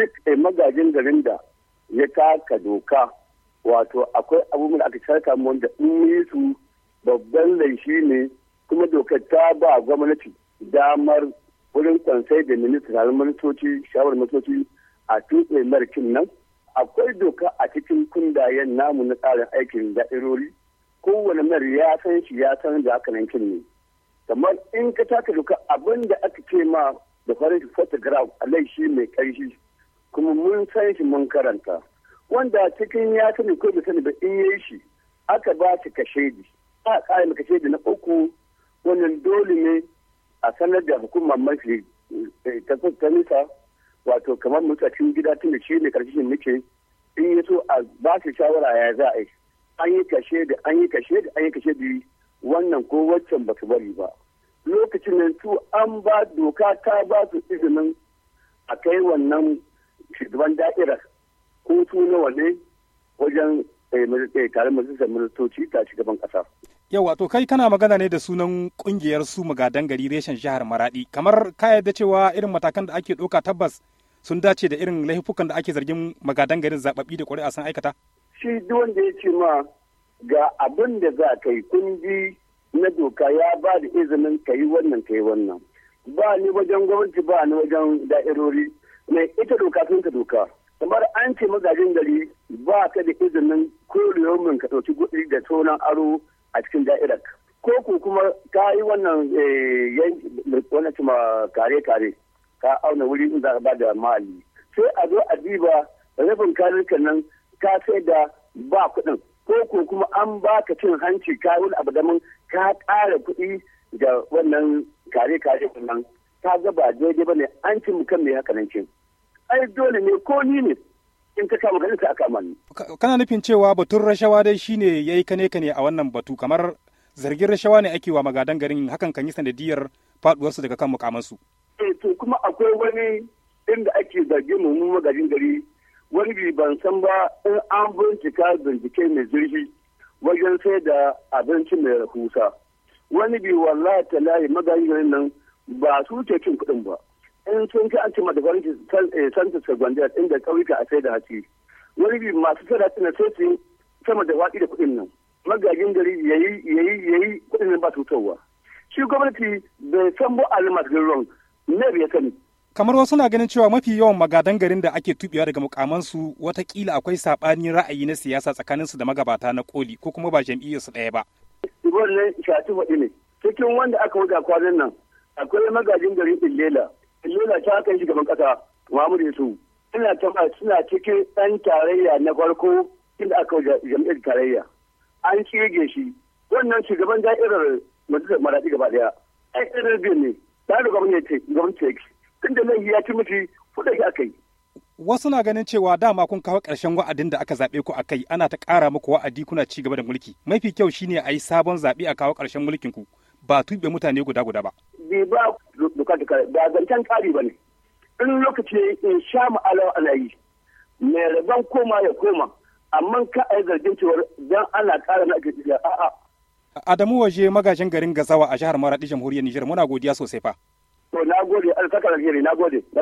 duk eh, magajin garin da ya taka doka wato akwai abubuwan da aka sharka wanda in yi su babban laifi ne kuma dokar ta ba gwamnati damar wurin kwansai da ministan da ministoci shawar ministoci a tutse markin nan akwai doka a cikin kundayen namu na tsarin aikin da'irori kowane mar ya san shi ya san da aka nan ne kamar in ka taka doka abin da aka ce ma da farin photograph a laifi mai karshi kuma mun san shi mun karanta wanda cikin ya sani ko bai sani ba in yi shi aka ba shi kashedi a kare maka kashedi na uku wannan dole ne a sanar da hukumar mafi eh, ta nisa wato kamar cikin gida tun da shi ne karshen muke in yi so a ba shi shawara ya za a yi an yi kashe da an yi kashe da an yi kashe da wannan ko waccan ba su bari ba lokacin nan su an ba doka ta ba su izinin a kai wannan shugaban da'irar hutu nawa ne wajen eh, eh, tare majalisar ministoci ta shugaban kasa. Yau wato kai kana magana ne da sunan kungiyar su magadan gari reshen jihar Maradi kamar ka yadda cewa irin matakan da ake ɗauka tabbas sun dace da irin laifukan da ake zargin magadan garin zababbi da ƙuri'a san aikata. Shi duk wanda ya ce ma ga abin da za ka yi kundi na doka ya ba da izinin ka yi wannan ka yi wannan ba ni wajen gwamnati ba ni wajen da'irori mai ita doka sun ta doka kamar an ce magajin gari ba ka da izinin kullum ka ɗauki kuɗi da tonan aro a cikin da'irar ko ko kuma ka yi wannan eh, wannan cima kare kare ka auna wuri in za ka ba da mali sai a zo a diba rabin karurka nan ka sai da ba kuɗin ko ku kuma an ba ka cin hanci ka wani abu ka ƙara kuɗi da wannan kare kare nan ta gaba ba daidai ba ne an ci mu kan mai haka nan ce ai dole ne ko ni ne in ka kama ganin ka aka mani kana nufin cewa batun rashawa dai shine yayi kane kane a wannan batu kamar zargin rashawa ne ake wa magadan garin hakan kan yi sanadiyar faduwarsu daga kan mukamansu eh to kuma akwai wani inda ake zargin mu mu magadin gari wani bi ban san ba in an bincika bincike mai zurfi wajen sai da abinci mai rahusa wani bi wallahi talahi garin nan ba su ce cin kuɗin ba in sun ci an cima da gwamnati santa eh, ta inda kauyuka a sai da hatsi wani bi masu sai da na sai sama da waɗi da kuɗin nan magajin gari yayi yayi yayi kuɗin nan ba su tawa shi gwamnati bai san ba alimat garin ne bai sani kamar wasu na ganin cewa mafi yawan magadan garin da ake tubewa daga mukamansu watakila akwai saɓanin ra'ayi na siyasa tsakanin su da magabata na koli ko kuma ba jam'iyyarsu ɗaya ba. ne shafi waɗi ne cikin wanda aka a kwanan nan akwai magajin lela illela illela ta kai shugaban kasa muhammadu yusuf suna tama suna cikin ɗan tarayya na farko inda aka jami'ar tarayya an shige shi wannan shugaban da'irar majalisar maraɗi gaba ɗaya ai irin biyu ne ta da gwamnati gwamnati yake tun nan ya ci mutu kuɗa shi aka Wasu na ganin cewa dama kun kawo ƙarshen wa'adin da aka zaɓe ku a kai ana ta ƙara muku wa'adi kuna ci gaba da mulki. Mafi kyau shine a yi sabon zaɓe a kawo ƙarshen mulkin ku. ba tuɓe mutane guda guda ba. bi ba doka doka da zancen tsari ba ne. In lokaci in sha wa ana yi. Mai rabon koma ya koma. Amma ka a yi zargin cewar don ana ƙara na ake jiya a'a. Adamu waje magajin garin Gazawa a jihar Maraɗi jamhuriyar Nijar muna godiya sosai fa. To na gode alkakar alheri na gode.